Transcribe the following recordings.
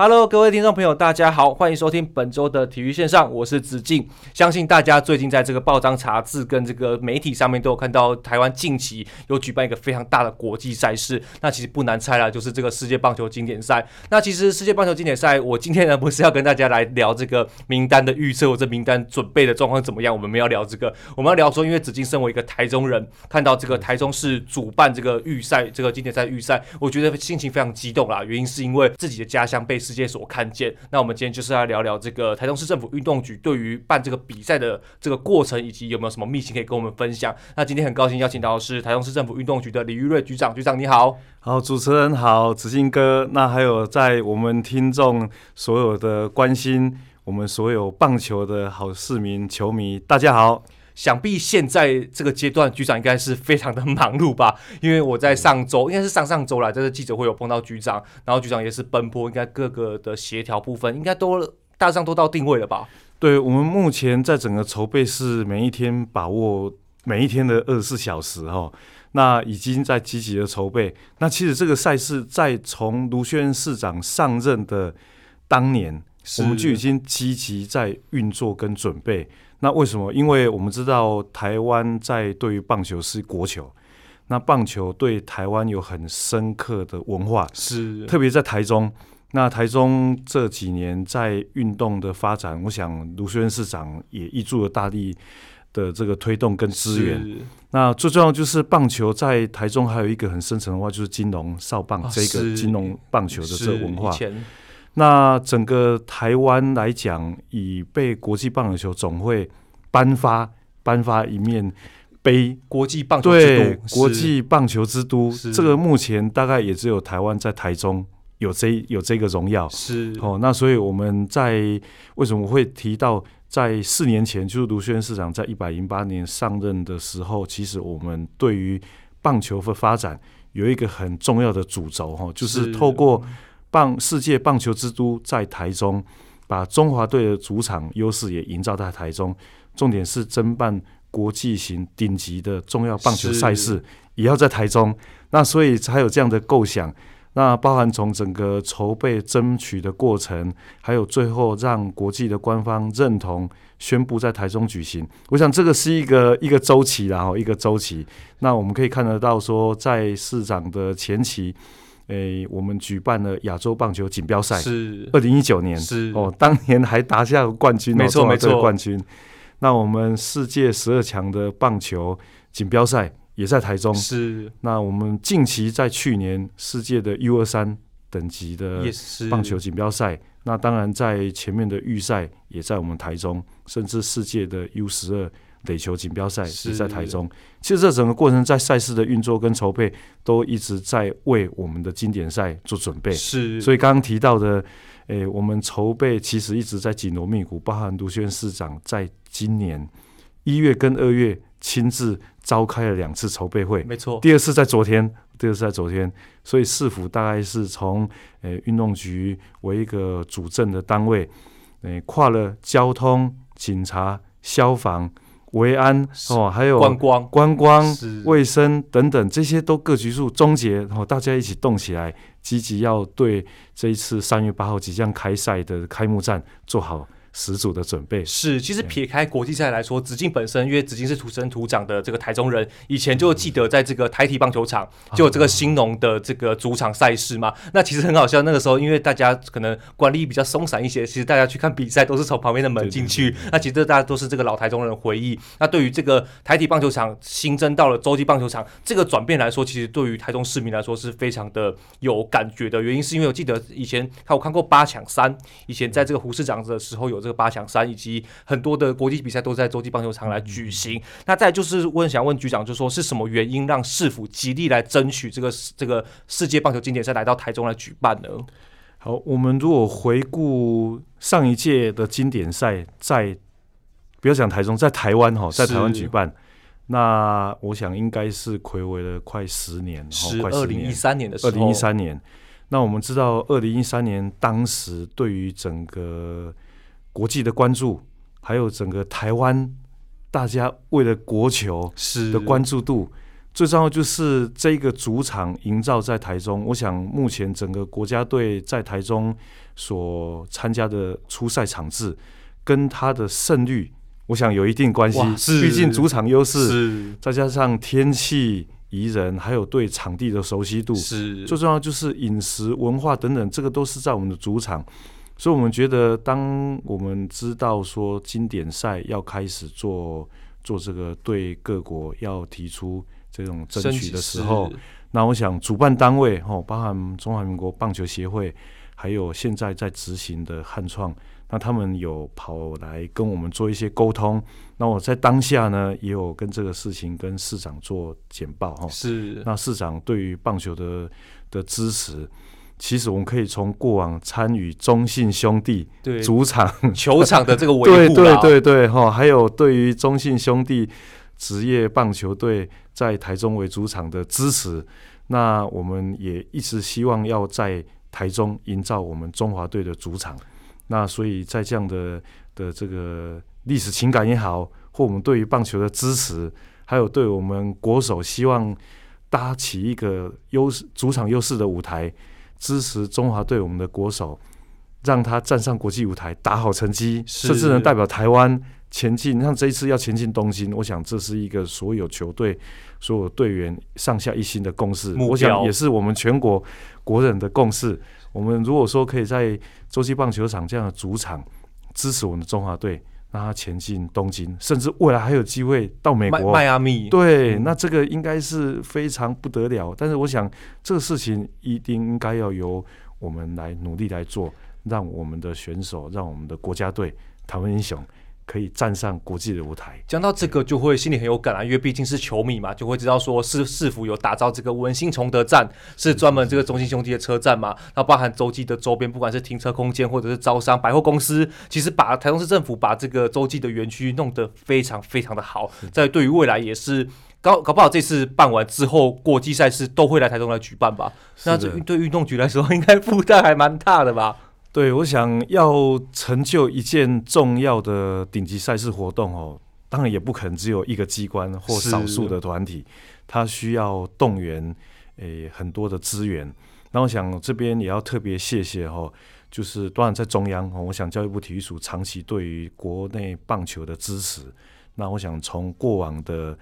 哈嘍，Hello, 各位聽眾朋友，大家好，歡迎收聽本周的體育線上，我是子敬。相信大家最近在這個報章雜誌跟這個媒體上面都有看到，台灣近期有舉辦一個非常大的國際賽事，那其實不難猜啦，就是這個世界棒球經典賽。那其實世界棒球經典賽，我今天呢不是要跟大家來聊這個名單的預測，或者名單準備的狀況怎麼樣，我們沒有聊這個，我們要聊說，因為子敬身為一個台中人，看到這個台中市主辦這個預賽，這個經典賽預賽，我覺得心情非常激動啦，原因是因為自己的家鄉被。世界所看見。那我們今天就是來聊聊這個台中市政府運動局對於辦這個比賽的這個過程，以及有沒有什麼秘辛可以跟我們分享。那今天很高興邀請到的是台中市政府運動局的李昱叡局長。局長你好。好，主持人好，子敬哥，那還有在我們聽眾所有的關心我們所有棒球的好市民球迷，大家好。想必現在這個階段，局長應該是非常的忙碌吧？因為我在上周，應該是上上周來，這個記者會有碰到局長，然後局長也是奔波，應該各個的協調部分，應該都大致上都到定位了吧？對，我們目前在整個籌備是每一天把握每一天的二十四小時哦，那已經在積極的籌備。那其實這個賽事在從盧秀燕市長上任的當年，是我們就已經積極在運作跟準備。那為什麼？因為我們知道台灣在對於棒球是國球，那棒球對台灣有很深刻的文化，是的特別在台中。那台中這幾年在運動的發展，我想盧學院盧秀燕市長也挹注了大力的這個推動跟資源。的那最重要就是棒球在台中還有一個很深層的話，就是金龍少棒、啊、這個金龍棒球的這個文化。啊那整個台灣來講，已被國際棒球總會頒發頒發一面杯國際棒球之都，對是國際棒球之都。是這個目前大概也只有台灣在台中有這有這一個榮耀。是哦，那所以我們在為什麼會提到在四年前，就是盧秀燕市長在一百零八年上任的時候，其實我們對於棒球的發展有一個很重要的主軸哈、哦，就是透過。棒世界棒球之都在台中，把中華隊的主場優勢也營造在台中，重點是爭辦國際型頂級的重要棒球賽事，也要在台中。是那所以才有這樣的構想。那包含從整個籌備爭取的過程，還有最後讓國際的官方認同，宣布在台中舉行。我想這個是一個一個周期，然後一個周期。那我們可以看得到說，在市長的前期，誒、欸，我們舉辦了亞洲棒球錦標賽，是二零一九年，是哦，當年還拿下冠軍，哦，沒錯沒錯，冠軍。錯那我們世界十二強的棒球錦標賽也在台中，是。那我們近期在去年世界的 U 二三等級的棒球錦標賽，是那當然在前面的預賽也在我們台中，甚至世界的 U 十二。壘球錦標賽是在台中，是的 其實這整個過程在賽事的運作跟籌備都一直在為我們的經典賽做準備。是的，所以剛剛提到的，誒、欸，我們籌備其實一直在緊鑼密鼓，包含盧秀燕市長在今年一月跟二月親自召開了兩次籌備會，沒錯 錯。第二次在昨天，第二次在昨天，所以市府大概是從誒運動局為一個主政的單位，誒、欸、跨了交通、警察、消防。維安是哦，還有觀光、觀光、衛是生等等，這些都各局處終結，然、哦、後大家一起動起來，積極要對這一次三月八號即將開賽的開幕戰做好。十足的準備是，其實撇開國際賽來說，嗯、紫禁本身因為紫禁是土生土長的這個台中人，以前就記得在這個台體棒球場、嗯、就有這個興農的這個主場賽事嘛。嗯、那其實很好笑，那個時候因為大家可能管理比較鬆散一些，其實大家去看比賽都是從旁邊的門進去。對對對，那其實大家都是這個老台中人的回憶。對對對，那對於這個台體棒球場新增到了洲際棒球場這個轉變來說，其實對於台中市民來說是非常的有感覺的。原因是因為我記得以前看我看過八搶三，以前在這個胡市長的時候有。這個八強三，以及很多的國際比賽都在洲際棒球場來舉行。那再就是問，想問局長，就是說是什麼原因讓市府極力來爭取這個這個世界棒球經典賽來到台中來舉辦呢？好，我們如果回顧上一屆的經典賽，在不要講台中，在台灣哈，在台灣舉辦，是那我想應該是睽違了快十年，是哦、快十年，二零一三年的時候，二零一三年。那我們知道，二零一三年當時對於整個國際的關注，還有整個臺灣大家為了國球的關注度，是最重要就是這個主場營造在台中。我想目前整個國家隊在台中所參加的初賽場次跟它的勝率，我想有一定關係。畢竟主場優勢，是再加上天氣宜人，還有對場地的熟悉度，是最重要就是飲食文化等等，這個都是在我們的主場。所以，我們覺得，當我們知道說經典賽要開始做做這個，對各國要提出這種爭取的時候，那我想主辦單位哦，包含中華民國棒球協會，還有現在在執行的悍創，那他們有跑來跟我們做一些溝通。那我在當下呢，也有跟這個事情跟市長做簡報哈。是。那市長對於棒球的的支持，其實我們可以從過往參與中信兄弟主場對 對球場的這個維護、哦對，對對對對哈、哦，還有對於中信兄弟職業棒球隊在台中為主場的支持，那我們也一直希望要在台中營造我們中華隊的主場。那所以在這樣的的這個歷史情感，也好，或我們對於棒球的支持，還有對我們國手希望搭起一個優主場優勢的舞台。支持中華隊，我們的國手，讓他站上國際舞台，打好成績，甚至是能代表台灣前進。像這一次要前進東京，我想這是一個所有球隊、所有隊員上下一心的共識。標我想也是我們全國國人的共識。我們如果說可以在洲際棒球場這樣的主場支持我們的中華隊，讓他前進東京，甚至未來還有機會到美國、邁阿密，對，那這個應該是非常不得了。但是我想，這個事情一定應該要由我們來努力來做，讓我們的選手，讓我們的國家隊，台灣英雄。可以站上國際的舞台。講到這個就會心裡很有感啊，對因為畢竟是球迷嘛，就會知道說，是市府有打造這個文心崇德站，是專門這個中信兄弟的車站嘛。那包含洲際的周邊，不管是停車空間或者是招商百貨公司，其實把台中市政府把這個洲際的園區弄得非常非常的好。在是對於未來也是，搞搞不好這次辦完之後，國際賽事都會來台中來舉辦吧。的那這對運動局來說，應該負擔還蠻大的吧。對我想要成就一件重要的頂級賽事活動哦，當然也不可能只有一個機關或少數的團體，是它需要動員誒很多的資源。那我想我這邊也要特別謝謝、哦、就是當然在中央、哦，我想教育部體育署長期對於國內棒球的支持。那我想從過往的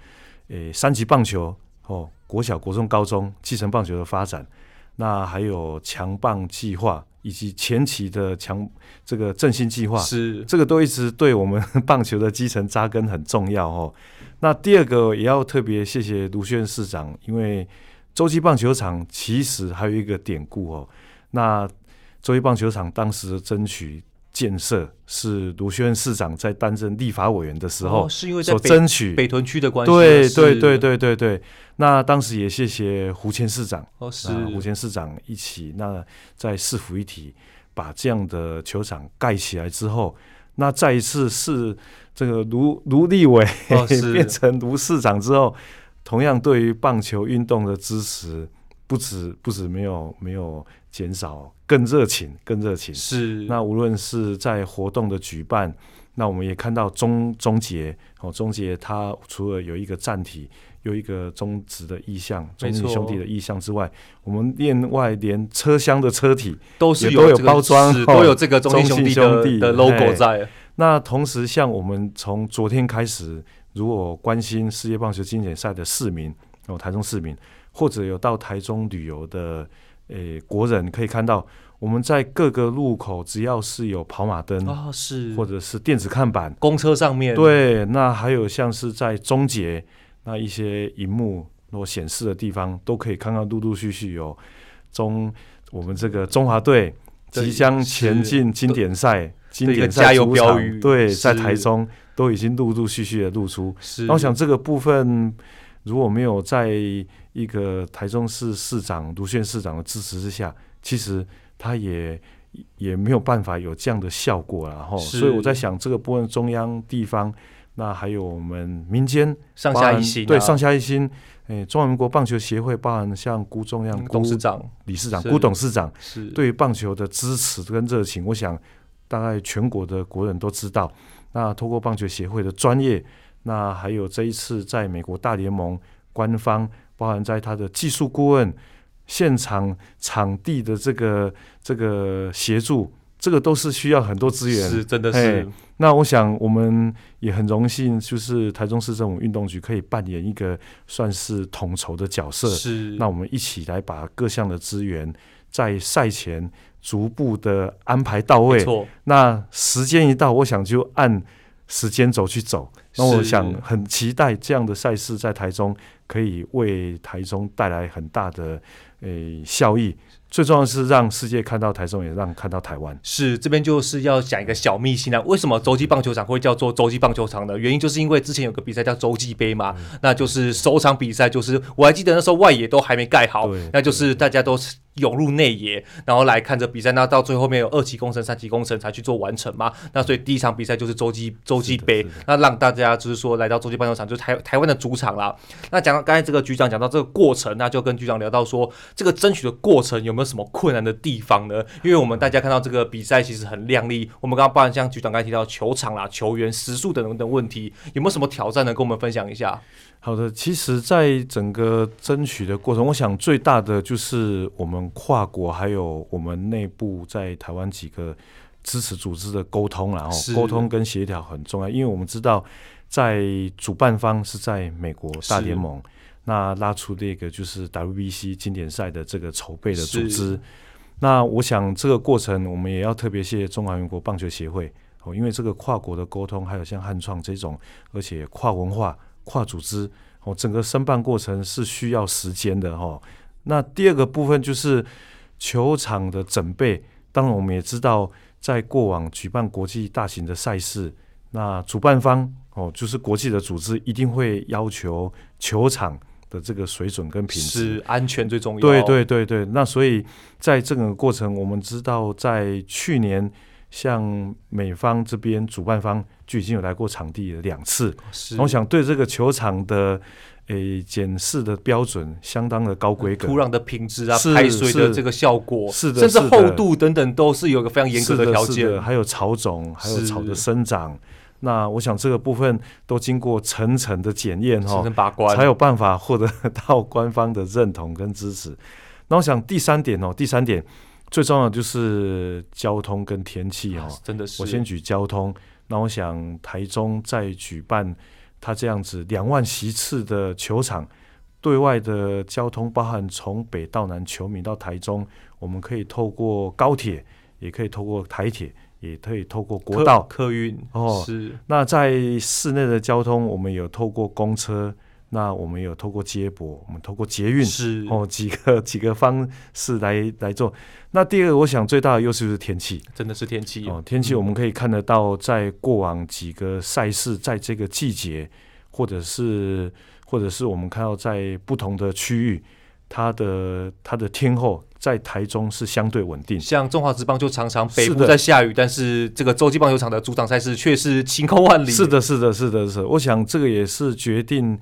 誒三級棒球哦，國小、國中、高中基層棒球的發展，那還有強棒計劃。以及前期的強這個振興計劃，是這個都一直對我們棒球的基層扎根很重要哦。那第二個也要特別謝謝盧秀燕市長，因為洲際棒球場其實還有一個典故哦。那洲際棒球場當時的爭取。建設是盧秀燕市長在擔任立法委員的時候，哦、是因為在爭取北屯區的關係，啊。對對對對對對，那當時也謝謝胡前市長，哦、是胡前市長一起，那在市府一體把這樣的球場蓋起來之後，那再一次是這個盧盧立委、哦、變成盧市長之後，同樣對於棒球運動的支持，不止不止沒有沒有減少。更熱情，更熱情。是。那無論是在活動的舉辦，那我們也看到中中捷哦，中捷它除了有一個站體，有一個中職的意象，沒錯。中信兄弟的意象之外，我們另外連車廂的車體都是有、這個、都有包裝，都有這個中信兄，兄弟的 logo 在。那同時，像我們從昨天開始，如果關心世界棒球經典賽的市民哦，台中市民或者有到台中旅遊的。誒、欸，國人可以看到，我們在各個路口，只要是有跑馬燈、啊、或者是電子看板、公車上面，對，那還有像是在中捷那一些熒幕或顯示的地方，都可以看到陸陸續續有中我們這個中華隊即將前進經典賽，經典賽主場，對，加油標語，對，在台中都已經陸陸續續的露出。是，然後我想這個部分如果沒有在一個台中市市長盧秀燕市長的支持之下，其實他也也沒有辦法有這樣的效果然哈。是所以我在想，這個部分中央、地方，那還有我們民間上、啊、上下一心，對上下一心。中華民國棒球協會包含像辜仲諒、嗯、董事長、理事長辜是董事長，是對棒球的支持跟熱情，我想大概全國的國人都知道。那透過棒球協會的專業，那還有這一次在美國大聯盟官方。包含在他的技術顧問、現場場地的這個這個協助，這個都是需要很多資源。是，真的是。Hey, 那我想，我們也很榮幸，就是台中市政府運動局可以扮演一個算是統籌的角色。是。那我們一起來把各項的資源在賽前逐步的安排到位。沒錯。那時間一到，我想就按時間軸去走。那我想很期待這樣的賽事在台中。可以為台中帶來很大的誒、欸、效益，最重要的是讓世界看到台中，也讓看到台灣。是，這邊就是要講一個小秘辛啊，為什麼洲際棒球場會叫做洲際棒球場呢？原因，就是因為之前有個比賽叫洲際杯嘛，嗯、那就是首場比賽，就是我還記得那時候外野都還沒蓋好，對那就是大家都湧入內野，然後來看着比賽。那到最後面有二期工程、三期工程才去做完成嘛。那所以第一場比賽就是洲際洲際盃，那讓大家就是說來到洲際棒球場，就是、台台灣的主場啦。那講到剛才這個局長講到這個過程，那就跟局長聊到說這個爭取的過程有沒有什麼困難的地方呢？因為我們大家看到這個比賽其實很亮麗。嗯、我們剛剛不然像局長剛才提到球場啦、球員食宿等等等問題，有沒有什麼挑戰呢？跟我們分享一下。好的，其實，在整個爭取的過程，我想最大的就是我們跨國，還有我們內部在台灣幾個支持組織的溝通，然後是溝通跟協調很重要，因為我們知道，在主辦方是在美國大聯盟，是那拉出這個就是 WBC 經典賽的這個籌備的組織，是那我想這個過程我們也要特別謝謝中華民國棒球協會，因為這個跨國的溝通，還有像漢創這種，而且跨文化。跨組織哦，整個申辦過程是需要時間的哈。那第二個部分就是球場的整備。當然，我們也知道，在過往舉辦國際大型的賽事，那主辦方哦，就是國際的組織一定會要求球場的這個水準跟品質，安全最重要。對對對對，那所以在這個過程，我們知道在去年，像美方這邊主辦方就已經有來過場地了兩次，是然後我想對這個球場的誒檢、欸、視的標準相當的高規格，嗯，土壤的品質啊，排是水的這個效果，是的，是，的是的，甚至厚度等等都是有一個非常嚴格的條件是的是的。還有草種，還有草的生長，是那我想這個部分都經過層層的檢驗哈，層層把關，才有辦法獲得到官方的認同跟支持。那我想第三點哦，第三點。最重要的就是交通跟天氣哦、啊，真的是。我先舉交通，那我想台中在舉辦他這樣子兩萬席次的球場，對外的交通包含從北到南，球迷到台中，我們可以透過高鐵，也可以透過台鐵，也可以透過國道客運哦，是。那在市內的交通，我們有透過公車。那我們有透過接駁，我們透過捷運，是哦，幾個幾個方式來來做。那第二個，我想最大的優勢是天氣，真的是天氣、啊、哦。天氣我們可以看得到，在過往幾個賽事，嗯、在這個季節，或者是或者是我們看到在不同的區域，它的它的天候在台中是相對穩定。像中華職棒就常常北部在下雨，是的，但是這個洲際棒球場的主場賽事卻是晴空萬里，是。是的，是的，是的，是。我想這個也是決定。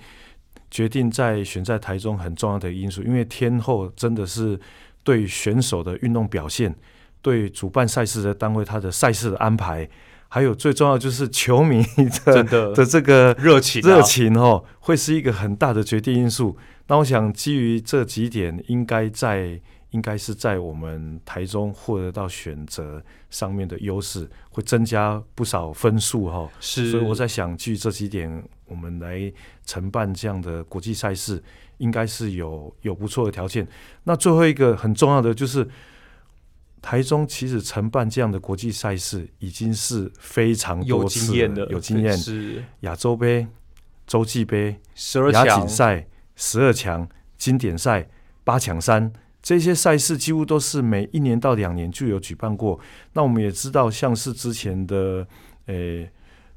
決定在選在台中很重要的因素，因為天后真的是對選手的運動表現、對主辦賽事的單位、他的賽事的安排，還有最重要就是球迷的的這個熱情熱情哦，會是一個很大的決定因素。那我想基於這幾點，應該在。應該是在我們台中獲得到選擇上面的優勢，會增加不少分數哈、哦。是，所以我在想，據這幾點，我們來承辦這樣的國際賽事，應該是有有不錯的條件。那最後一個很重要的就是，台中其實承辦這樣的國際賽事已經是非常有經驗的，有經驗是亞洲盃、洲際盃、十二強、亞錦賽、十二強、經典賽、八強三。這些賽事幾乎都是每一年到兩年就有舉辦過。那我們也知道，像是之前的，誒、欸，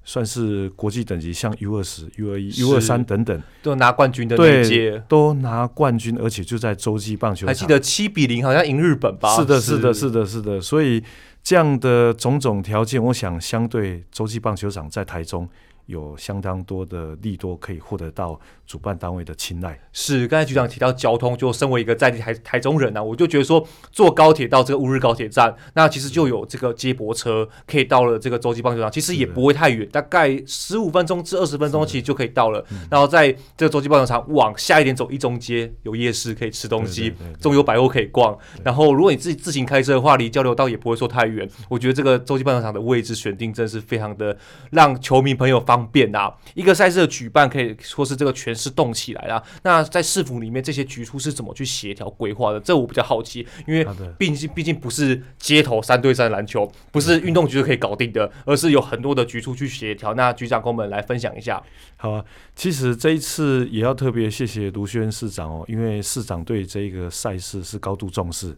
算是國際等級，像 U 二十是、U 二一、U 二三等等，都拿冠軍的對接，都拿冠軍，而且就在洲際棒球場。還記得七比零，好像贏日本吧？是的，是的，是的，是的，是的，是的，是的。所以這樣的種種條件，我想相對洲際棒球場在台中，有相當多的利多可以獲得到主辦單位的青睞。是，剛才局長提到交通，就身為一個在地台台中人呢、啊，我就覺得說坐高鐵到這個烏日高鐵站，那其實就有這個接駁車可以到了這個洲際棒球場，其實也不會太遠，是的，大概十五分鐘至二十分鐘其實就可以到了。是的，然後在這個洲際棒球場往下一點走一中街，有夜市可以吃東西，對對對對中友百貨可以逛。對對對，然後如果你自己自行開車的話，離交流道也不會說太遠。我覺得這個洲際棒球場的位置選定真是非常的讓球迷朋友方。方便，啊，一個賽事的舉辦可以說是這個全市動起來了，啊。那在市府裡面，這些局處是怎麼去協調規劃的？這我比較好奇，因為畢竟的畢竟不是街頭三對三籃球，不是運動局就可以搞定的，嗯，而是有很多的局處去協調。那局長跟我們來分享一下。好，啊，其實這一次也要特別謝謝盧軒市長哦，因為市長對這個賽事是高度重視。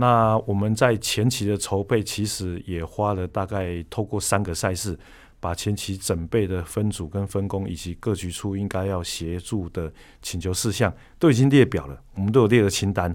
那我們在前期的籌備，其實也花了大概透過三個賽事。把前期準備的分組跟分工，以及各局處應該要協助的請求事項，都已經列表了。我們都有列了清單。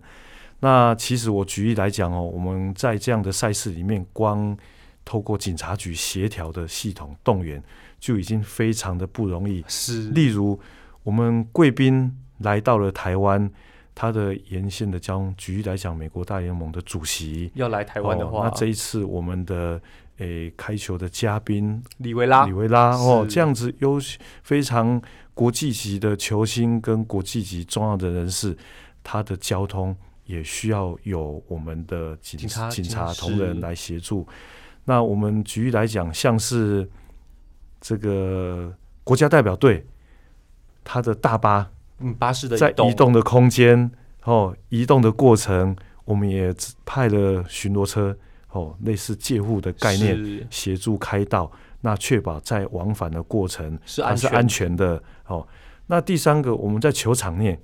那其實我舉例來講哦，我們在這樣的賽事裡面，光透過警察局協調的系統動員，就已經非常的不容易。是，例如我們貴賓來到了台灣。他的沿線的交通，舉例來講，美國大聯盟的主席要來台灣的話，哦，那這一次我們的誒、欸、開球的嘉賓李維拉，李維拉是哦，這樣子優非常國際級的球星跟國際級重要的人士，是他的交通也需要有我們的警警察，警察同仁來協助。是那我們舉例來講，像是這個國家代表隊，他的大巴。嗯，巴士的移在移動的空間，哦，移動的過程，我們也派了巡邏車，哦，類似戒護的概念，協是助開道，那確保在往返的過程是安全的是安全的，哦。那第三個，我們在球場內，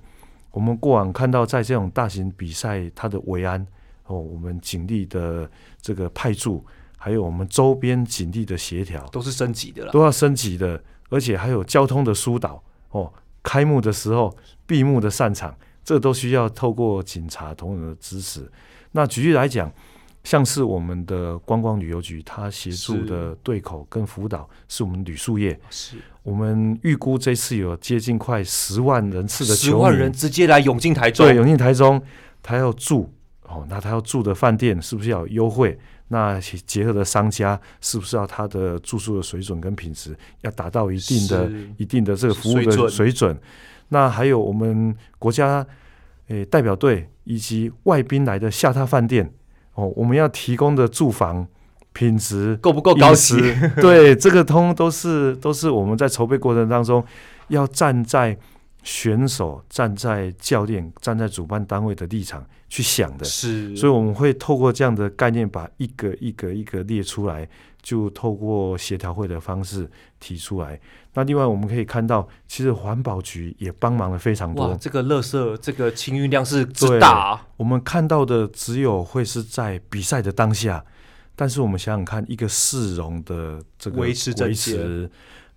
我們過往看到在這種大型比賽，它的維安，哦，我們警力的這個派駐，還有我們周邊警力的協調，都是升級的啦，都要升級的，而且還有交通的疏導，哦。開幕的時候，閉幕的散場，這都需要透過警察同仁的支持。那舉例來講，像是我們的觀光旅遊局，它協助的對口跟輔導是我們旅宿業。是。我們預估這次有接近快十萬人次的十萬人直接來湧進台中，對，湧進台中，他要住。哦，那他要住的飯店是不是要有優惠？那結合的商家是不是要他的住宿的水準跟品質要達到一定的，是一定的這個服務的水準？水準。那還有我們國家誒、欸、代表隊以及外賓來的下榻飯店哦，我們要提供的住房品質夠不夠高級？對，這個通都是都是我們在籌備過程當中要站在選手站在教練、站在主辦單位的立場去想的，是，所以我們會透過這樣的概念，把一個一個一個列出來，就透過協調會的方式提出來。那另外我們可以看到，其實環保局也幫忙了非常多。哇，這個垃圾，這個清運量是最大啊。我們看到的只有會是在比賽的當下，但是我們想想看，一個市容的這個維持這些，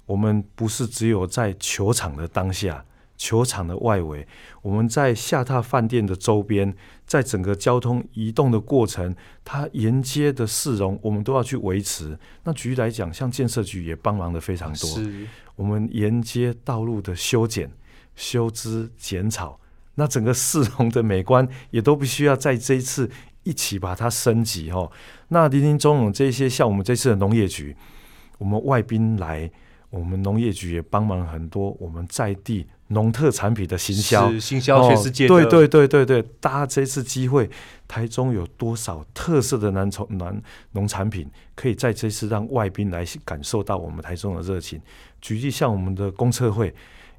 我們不是只有在球場的當下。球場的外圍，我們在下榻飯店的周邊，在整個交通移動的過程，它沿街的市容，我們都要去維持。那舉例來講，像建設局也幫忙的非常多。是我們沿街道路的修剪、修枝、剪草，那整個市容的美觀，也都必須要在這一次一起把它升級哦。那林林總總這些，像我們這次的農業局，我們外賓來，我們農業局也幫忙很多，我們在地。農特產品的行銷，行銷全世界。對對對對對，搭這次機會，台中有多少特色的南從南農產品，可以在這次讓外賓來感受到我們台中的熱情？舉例像我們的公車會。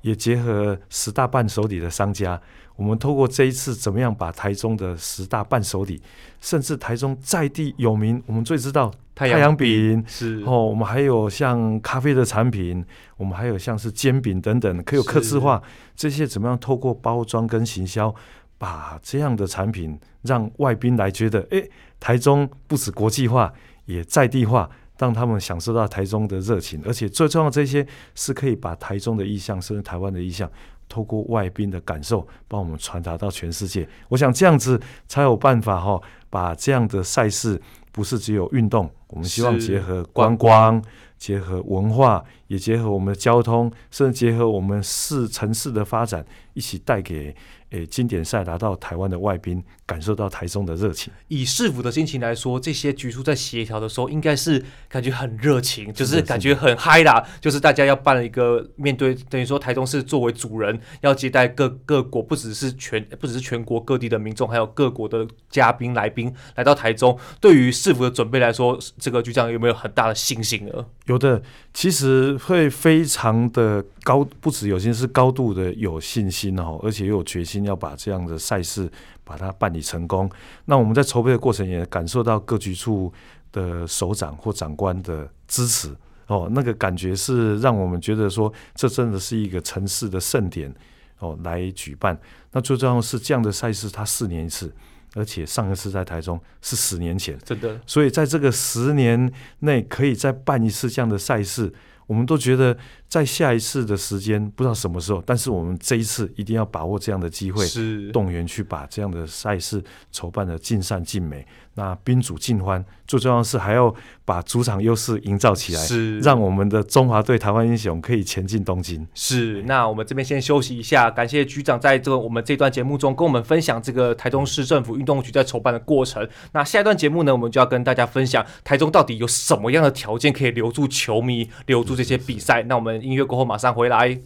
也結合十大伴手禮的商家，我們透過這一次，怎麼樣把台中的十大伴手禮，甚至台中在地有名，我們最知道太陽陽餅，是哦，我們還有像咖啡的產品，我們還有像是煎餅等等，可以有客製化？是這些怎麼樣透過包裝跟行銷，把這樣的產品讓外賓來覺得，哎、欸，台中不只國際化，也在地化。讓他們享受到台中的熱情，而且最重要，這些是可以把台中的意象，甚至台灣的意象，透過外賓的感受，幫我們傳達到全世界。我想這樣子才有辦法哈、哦，把這樣的賽事不是只有運動，我們希望結合觀光、觀光結合文化，也結合我們的交通，甚至結合我們市城市的發展。一起帶給呃、欸、經典賽來到台灣的外賓，感受到台中的熱情。以市府的心情來說，這些局處在協調的時候，應該是感覺很熱情，是的就是感覺很嗨啦。是的就是大家要辦一個面對，等於說台中市作為主人，要接待各各國，不只是全不只是全國各地的民眾，還有各國的嘉賓來賓來，來到台中。對於市府的準備來說，這個局長有沒有很大的信心呢？有的，其實會非常的高，不止有心，是高度的有信心。而且又有決心要把這樣的賽事把它辦理成功。那我們在籌備的過程也感受到各局處的首長或長官的支持哦，那個感覺是讓我們覺得說，這真的是一個城市的盛典哦，來舉辦。那最重要是這樣的賽事，它四年一次，而且上一次在台中是十年前，真的。所以在這個十年內可以再辦一次這樣的賽事，我們都覺得。在下一次的時間不知道什麼時候，但是我們這一次一定要把握這樣的機會，是動員去把這樣的賽事籌辦得盡善盡美，那賓主盡歡，最重要的是還要把主場優勢營造起來，是讓我們的中華隊台灣英雄可以前進東京。是，那我們這邊先休息一下，感謝局長在這個我們這段節目中跟我們分享這個台中市政府運動局在籌辦的過程。嗯、那下一段節目呢，我們就要跟大家分享台中到底有什麼樣的條件可以留住球迷，留住這些比賽。是是是，那我們。音樂過後，馬上回來。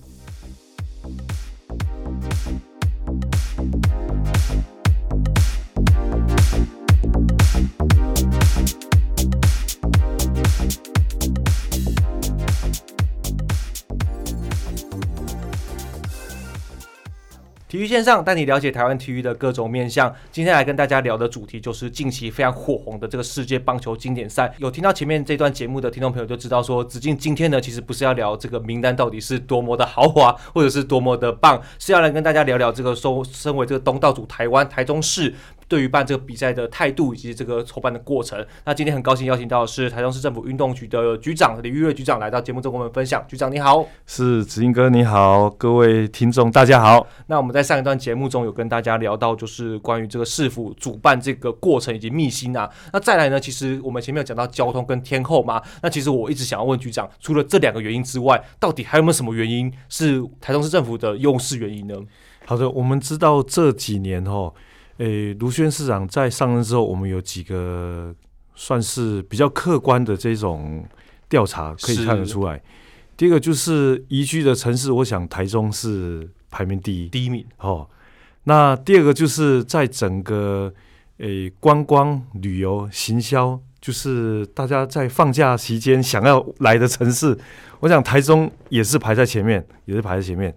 體育線上帶你了解臺灣體育的各種面向。今天來跟大家聊的主題就是近期非常火紅的這個世界棒球經典賽。有聽到前面這段節目的聽眾朋友就知道，說，子敬今天呢，其實不是要聊這個名單到底是多麼的豪華，或者是多麼的棒，是要來跟大家聊聊這個說身為這個東道主臺灣臺中市。對於辦這個比賽的態度以及這個籌辦的過程，那今天很高興邀請到的是臺中市政府運動局的局長李昱叡局長來到節目中跟我們分享。局長你好，是子英哥你好，各位聽眾大家好、嗯。那我們在上一段節目中有跟大家聊到，就是關於這個市府主辦這個過程以及秘辛啊。那再來呢，其實我們前面有講到交通跟天候嘛，那其實我一直想要問局長，除了這兩個原因之外，到底還有沒有什麼原因是臺中市政府的優勢原因呢？好的，我們知道這幾年哦。誒、欸，盧秀燕市長在上任之後，我們有幾個算是比較客觀的這種調查可以看得出來。是第一個就是宜居的城市，我想台中是排名第一，第一名。哦，那第二個就是在整個誒、欸、觀光旅遊行銷，就是大家在放假期間想要來的城市，我想台中也是排在前面，也是排在前面。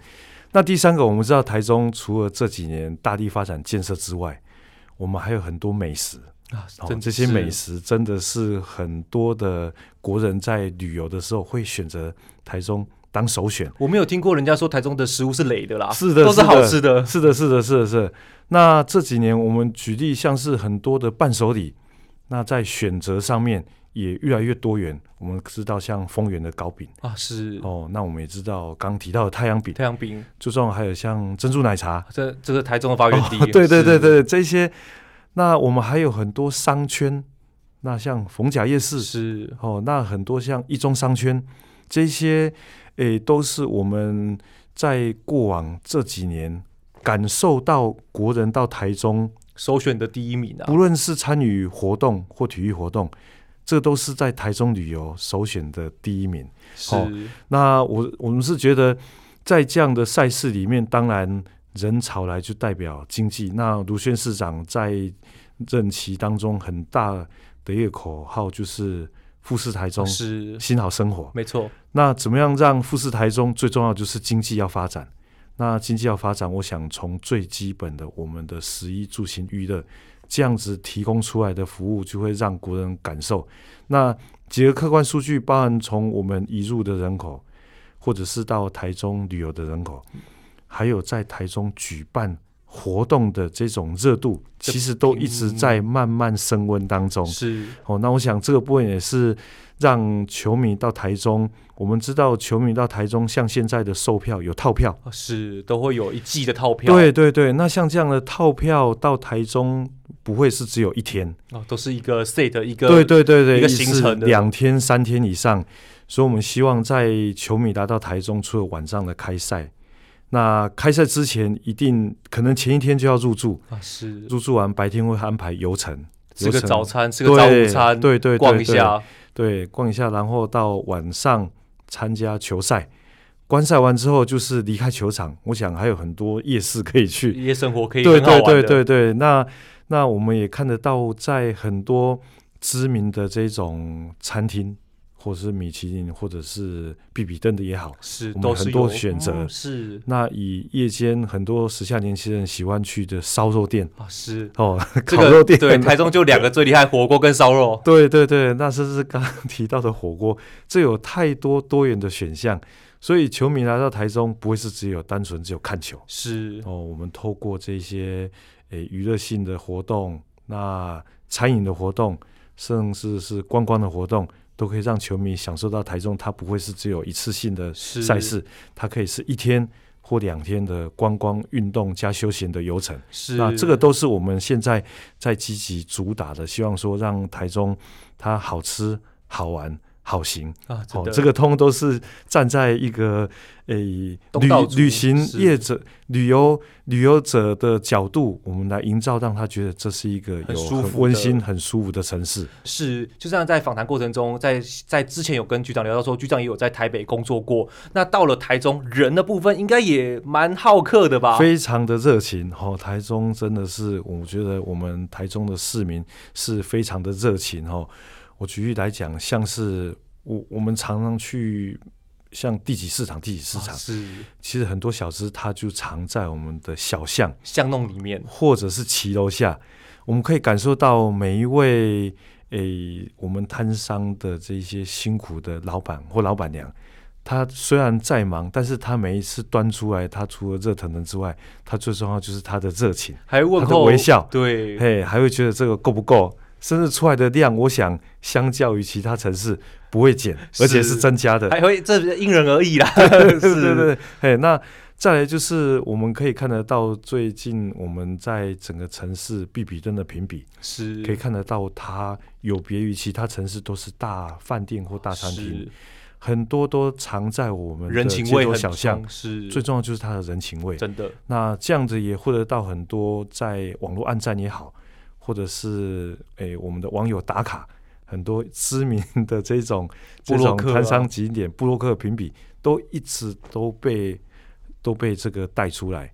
那第三個，我們知道台中，除了這幾年大力發展建設之外，我們還有很多美食啊、哦！這些美食真的是很多的國人在旅遊的時候會選擇台中當首選。我沒有聽過人家說台中的食物是雷的啦，是的，都是好吃的，是的，是的，是的，是的是的。那這幾年我們舉例，像是很多的伴手禮，那在選擇上面。也越來越多元。我們知道，像豐原的糕餅啊，是哦，那我們也知道剛提到的太陽餅、太陽餅，注重還有像珍珠奶茶，這這是台中的發源地、哦。對對對對，對，是這些。那我們還有很多商圈，那像逢甲夜市是哦，那很多像一中商圈，這些誒都是我們在過往這幾年感受到國人到台中首選的第一名啊。不論是參與活動或體育活動。這都是在台中旅遊首選的第一名。好是、哦，那我我們是覺得，在這樣的賽事裡面，當然人潮來就代表經濟。那盧秀燕市長在任期當中很大的一個口號就是“富士台中，是新好生活”。沒錯。那怎麼樣讓富士台中最重要就是經濟要發展。那經濟要發展，我想從最基本的我們的食衣住行育樂。這樣子提供出來的服務就會讓國人感受。那幾個客觀數據，包含從我們移入的人口，或者是到台中旅遊的人口，還有在台中舉辦活動的這種熱度，其實都一直在慢慢升溫當中。是哦，那我想這個部分也是讓球迷到台中。我們知道，球迷到台中，像現在的售票有套票，是都會有一季的套票。對對對，那像這樣的套票到台中。不會是只有一天哦，都是一個 set 的一個對對對對一個行程，兩天三天以上，所以我們希望在球迷達到台中，除了晚上的開賽，那開賽之前一定可能前一天就要入住啊，是，入住完白天會安排遊程，吃個早餐吃個早午餐，對對對，逛一下，對，逛一下，然後到晚上參加球賽，觀賽完之後就是離開球場，我想還有很多夜市可以去，夜生活可以對對對對對，那。那我們也看得到，在很多知名的這種餐廳，或者是米其林，或者是必比登的也好，是，都很多選擇、嗯。是。那以夜間很多時下年輕人喜歡去的燒肉店啊、哦，是哦，這個、烤肉店對，台中就兩個最厲害，對火鍋跟燒肉。對對對，那是不是剛剛提到的火鍋？這有太多多元的選項。所以球迷來到台中，不會是只有單純只有看球。是哦，我們透過這些誒娛樂性的活動，那餐飲的活動，甚至是觀光的活動，都可以讓球迷享受到台中。它不會是只有一次性的賽事，是它可以是一天或兩天的觀光、運動加休閒的遊程。是。那這個都是我們現在在積極主打的，希望說讓台中它好吃好玩。好行啊、哦！這個通都是站在一個誒、欸、旅旅行業者、是旅遊旅遊者的角度，我們來營造，讓他覺得這是一個有很溫馨、很舒服、溫馨、很舒服的城市。是，就像在訪談過程中，在在之前有跟局長聊到說，說局長也有在台北工作過。那到了台中，人的部分應該也蠻好客的吧？非常的熱情、哦。台中真的是，我覺得我們台中的市民是非常的熱情。哦。我舉例來講，像是我我們常常去像地級市場、地級市場，哦、是其實很多小吃，它就藏在我們的小巷巷弄裡面，或者是騎樓下。我們可以感受到每一位誒、欸，我們攤商的這一些辛苦的老闆或老闆娘，他雖然在忙，但是他每一次端出來，他除了熱騰騰之外，他最重要就是他的熱情，還問候的微笑，對，嘿，還會覺得這個夠不夠。甚至出來的量，我想相較於其他城市不會減，是而且是增加的，還會。這是因人而異啦，對對對。哎，那再來就是我們可以看得到，最近我們在整個城市必比登的評比，是可以看得到它有別於其他城市，都是大飯店或大餐廳，是很多都藏在我們的街頭人情味小巷，最重要就是它的人情味，真的。那這樣子也獲得到很多在網絡按讚也好。或者是誒、欸，我們的網友打卡，很多知名的這種、啊、這種台商景點，部落客評比都一直都被都被這個帶出來。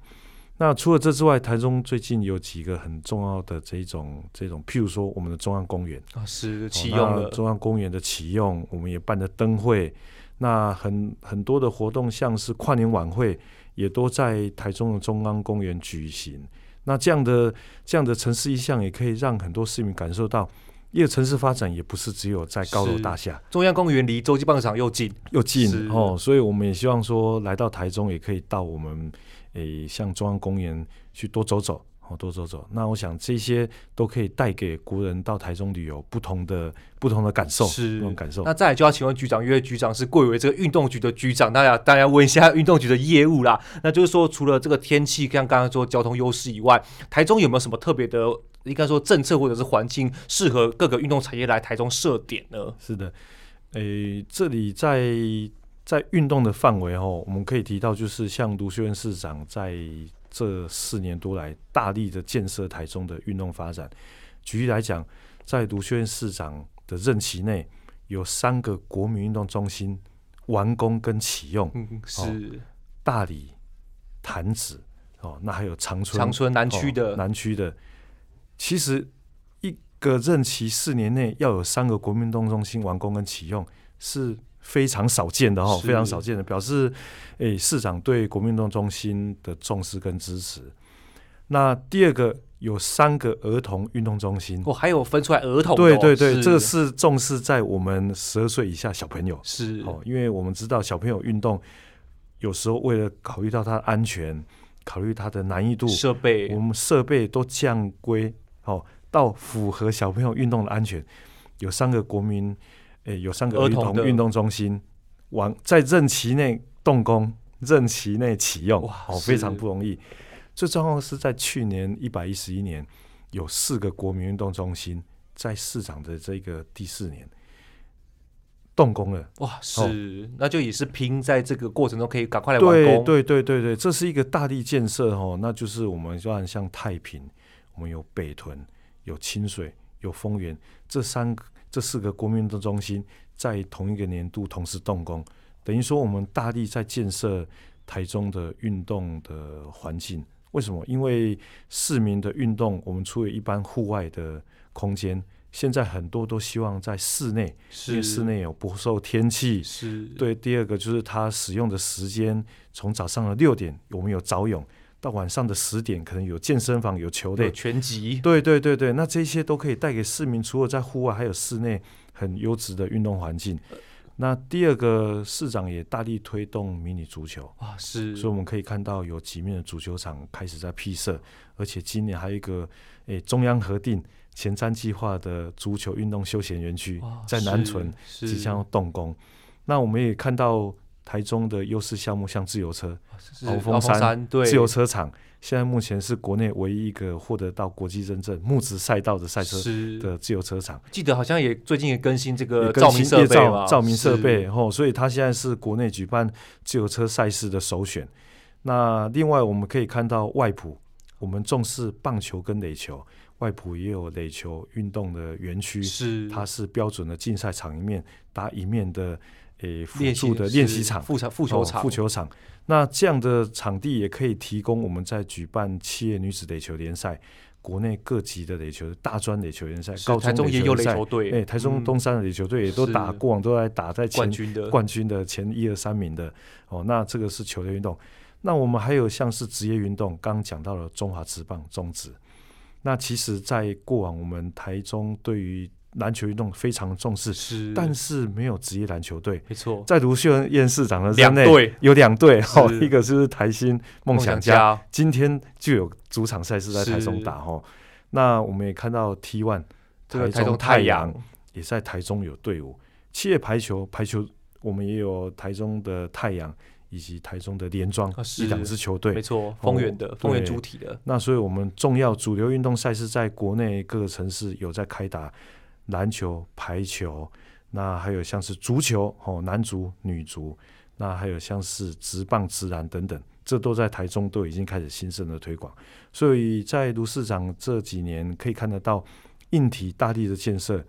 那除了這之外，台中最近有幾個很重要的這種這種，譬如說我們的中央公園啊，是啟用了、哦、中央公園的啟用，我們也辦了燈會，那很很多的活動，像是跨年晚會，也都在台中的中央公園舉行。那這樣的這樣的城市意象，也可以讓很多市民感受到，一個城市發展也不是只有在高樓大廈。中央公園離洲際棒球場又近又近，是哦，所以我們也希望說，來到台中也可以到我們誒，像中央公園去多走走，哦，多走走。那我想這些都可以帶給國人到台中旅遊不同的、不同的感受，是，感受。那再來就要請問局長，因為局長是貴為這個運動局的局長，大家大家問一下運動局的業務啦。那就是說，除了這個天氣，像剛剛說交通優勢以外，台中有沒有什麼特別的，應該說政策或者是環境，適合各個運動產業來台中設點呢？是的，誒、欸，這裡在在運動的範圍哦，我們可以提到就是像盧秀燕市長在。這四年多來，大力的建設台中的運動發展。舉例來講，在盧秀燕市長的任期內，有三個國民運動中心完工跟啟用，嗯、是、哦、大里、潭子哦，那還有長春，長春南區的、哦、南區的。其實一個任期四年內要有三個國民運動中心完工跟啟用是。非常少見的哈，非常少見的，表示誒、欸、市長對國民運動中心的重視跟支持。那第二個有三個兒童運動中心，哦，還有分出來兒童、哦，對對對，是這個是重視在我們十二歲以下小朋友是哦，因為我們知道小朋友運動有時候為了考慮到他的安全，考慮他的難易度設備，我們設備都降規到符合小朋友運動的安全。有三個國民。誒，有三個兒童運動中心，往，在任期內動工，任期內啟用，哇，非常不容易。這狀況是在去年一百一十一年，有四個國民運動中心在市長的這個第四年動工了，哇，是，哦、那就也是拼在這個過程中可以趕快來完工，對對對對對，這是一個大地建設哦，那就是我們就像太平，我們有北屯，有清水。有豐原，這三個、這四個國民運動中心在同一個年度同時動工，等於說我們大力在建設台中的運動的環境。為什麼？因為市民的運動，我們除了一般戶外的空間，現在很多都希望在室內，是因為室內有不受天氣。是對。第二個就是它使用的時間，從早上的六點，我們有早泳。到晚上的十點，可能有健身房、有球類、有拳擊。對對對對，那這些都可以帶給市民，除了在戶外，還有室內很優質的運動環境。呃、那第二個市長也大力推動迷你足球，啊是。所以我們可以看到有幾面的足球場開始在闢設，而且今年還有一個誒、欸、中央核定前瞻計劃的足球運動休閒園區在南屯即將要動工。是那我們也看到。台中的優勢項目像自由車，鰲峰是山，山對自由車場現在目前是國內唯一一個獲得到國際認證木質賽道的賽車的自由車場，記得好像也最近也更新這個照明設備嘛？照，照明設備是所以他現在是國內舉辦自由車賽事的首選。那另外我們可以看到外埔，我們重視棒球跟壘球，外埔也有壘球運動的園區，是它是標準的競賽場一面搭一面的。誒，輔、欸、助的練習場、富場、哦、球場、哦、球場，那這樣的場地也可以提供我們在舉辦企業女子壘球聯賽、國內各級的壘球、大專壘球聯賽、是高中壘球聯賽，台中也有壘球隊。誒、欸，台中東山壘球隊也都打，過往、嗯、都在打在冠軍的冠軍的前一二三名的。哦，那這個是球類運動。那我們還有像是職業運動，剛剛講到了中華職棒、中職。那其實，在過往我們台中對於籃球運動非常重視，但是沒有職業籃球隊。沒錯，在盧秀燕市長的任內有兩隊，哈，一個是台新夢想家，今天就有主場賽事在台中打，哈。那我們也看到 T One 台中太陽也在台中有隊伍。企業排球，排球我們也有台中的太陽以及台中的連莊，一兩支球隊，沒錯，豐原的豐原主體的。那所以我們重要主流運動賽事在國內各個城市有在開打。籃球、排球，那還有像是足球哦，男足、女足，那還有像是職棒、職籃等等，這都在台中都已經開始新生的推廣。所以在盧市長這幾年可以看得到，硬體大力的建設，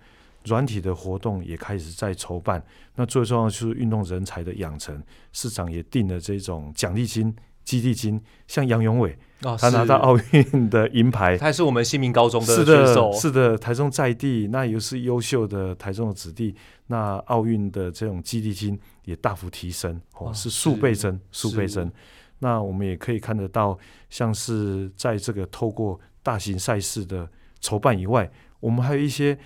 軟體的活動也開始在籌辦。那最重要就是運動人才的養成，市長也定了這種獎勵金。激勵金像楊勇緯他拿到奧運的銀牌，哦、是他是我們新民高中的選手是的，是的，台中在地，那也是優秀的台中的子弟，那奧運的這種激勵金也大幅提升，哦，是數倍增，數、哦、倍增。是那我們也可以看得到，像是在這個透過大型賽事的籌辦以外，我們還有一些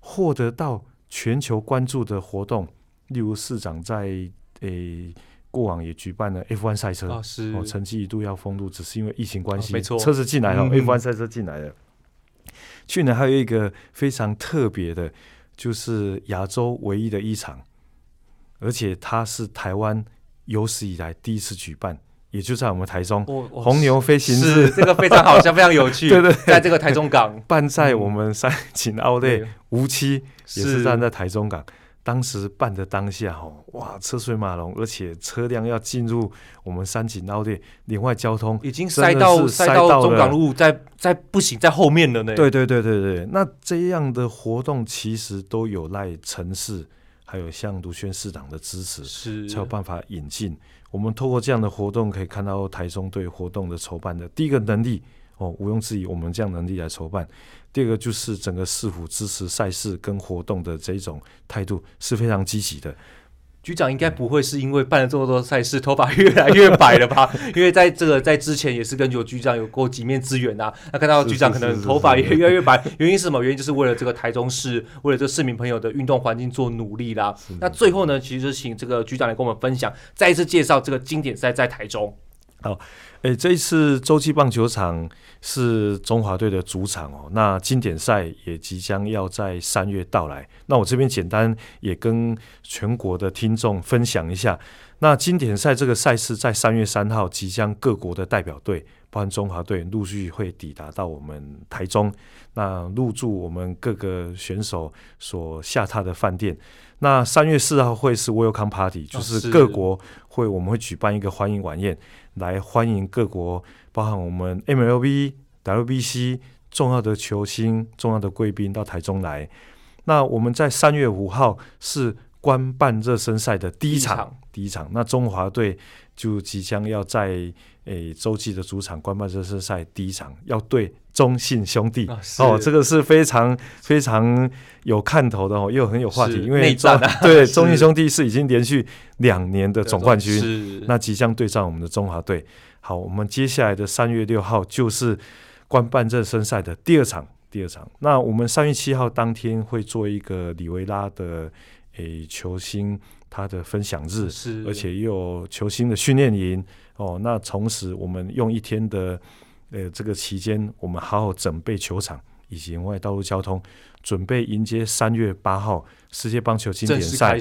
獲得到全球關注的活動，例如市長在誒。欸過往也舉辦了 F1 賽車，哦，成績一度要封路，只是因為疫情關係，沒錯，車子進來了，F1 賽車進來了。去年還有一個非常特別的，就是亞洲唯一的一場，而且它是台灣有史以來第一次舉辦，也就在我們台中紅牛飛行是，這個非常好笑，非常有趣，對對，在這個台中港辦在我們三井奧利，無期也是站在台中港。當時辦的當下，哇，車水馬龍，而且車輛要進入我們三井奧特，另外交通已經塞到塞到、塞到中港路，在在不行，在後面的呢。對對對對對，那這樣的活動其實都有賴城市還有像盧秀燕市長的支持，是才有辦法引進。我們透過這樣的活動，可以看到台中對活動的籌辦的第一個能力。哦，毋庸置疑，我們這樣的能力來籌辦。第二個就是整個市府支持賽事跟活動的這一種態度是非常積極的。局長應該不會是因為辦了這麼多賽事，頭髮越來越白了吧？ 因為在這個，在之前也是跟有局長有過幾面之緣吶。那看到局長可能頭髮也越來越白，原因是什麼？原因就是為了這個台中市，為了這市民朋友的運動環境做努力啦。是是，那最後呢，其實請這個局長來跟我們分享，再一次介紹這個經典賽在台中。好，誒、欸，這一次洲際棒球場是中華隊的主場哦。那經典賽也即將要在三月到來。那我這邊簡單也跟全國的聽眾分享一下。那經典賽這個賽事在三月三號即將各國的代表隊，包含中華隊陸續會抵達到我們台中，那入住我們各個選手所下榻的飯店。那三月四號會是 welcome party，就是各國會我們會舉辦一個歡迎晚宴。來歡迎各國，包含我們 MLB、WBC 重要的球星、重要的貴賓到台中來。那我們在三月五號是。官辦熱身賽的第一場，第一場，那中華隊就即將要在誒洲際的主場官辦熱身賽第一場要對中信兄弟、啊、哦，這個是非常非常有看頭的哦，又很有話題，是因為中戰、啊、對是中信兄弟是已經連續兩年的總冠軍，是那即將對戰我們的中華隊。好，我們接下來的三月六號就是官辦熱身賽的第二場，第二場。那我們三月七號當天會做一個李維拉的。給球星他的分享日，是的。而且也有球星的訓練營哦。那同時，我們用一天的呃，這個期間，我們好好準備球場以及外道路交通，準備迎接三月八號世界棒球經典賽。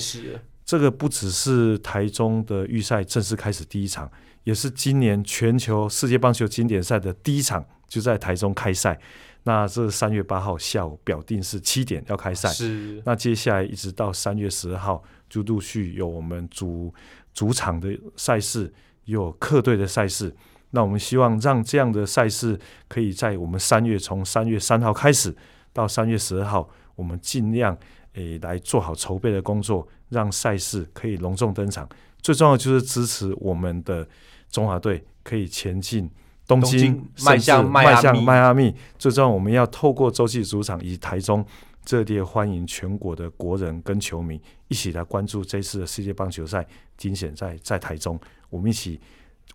這個不只是台中的預賽正式開始第一場，也是今年全球世界棒球經典賽的第一場，就在台中開賽。那這三月八號下午，表定是七點要開賽。是那接下來一直到三月十二號，就陸續有我們主主場的賽事，有客隊的賽事。那我們希望讓這樣的賽事可以在我們三月，從三月三號開始到三月十二號，我們盡量誒、哎、來做好籌備的工作，讓賽事可以隆重登場。最重要就是支持我們的中華隊可以前進東京，甚至邁向邁向邁阿密，最終我們要透過洲際主場，以台中這地歡迎全國的國人跟球迷，一起來關注這次的世界棒球賽，經典賽在在台中，我們一起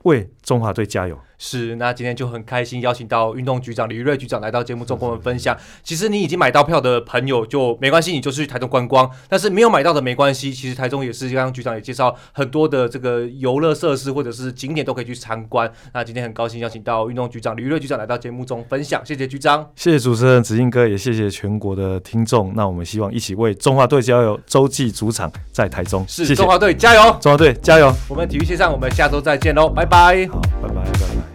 為中華隊加油。是，那今天就很開心邀請到運動局長李昱叡局長來到節目中跟我們分享。其實你已經買到票的朋友就沒關係，你就去台中觀光。但是沒有買到的沒關係，其實台中也是剛剛局長也介紹很多的這個遊樂設施或者是景點都可以去參觀。那今天很高興邀請到運動局長李昱叡局長來到節目中分享，謝謝局長，謝謝主持人子敬哥，也謝謝全國的聽眾。那我們希望一起為中華隊加油，洲際主場在台中，謝謝，是，中華隊加油，中華隊加油。我們體育線上，我們下周再見嘍，拜拜。好，拜拜，拜拜。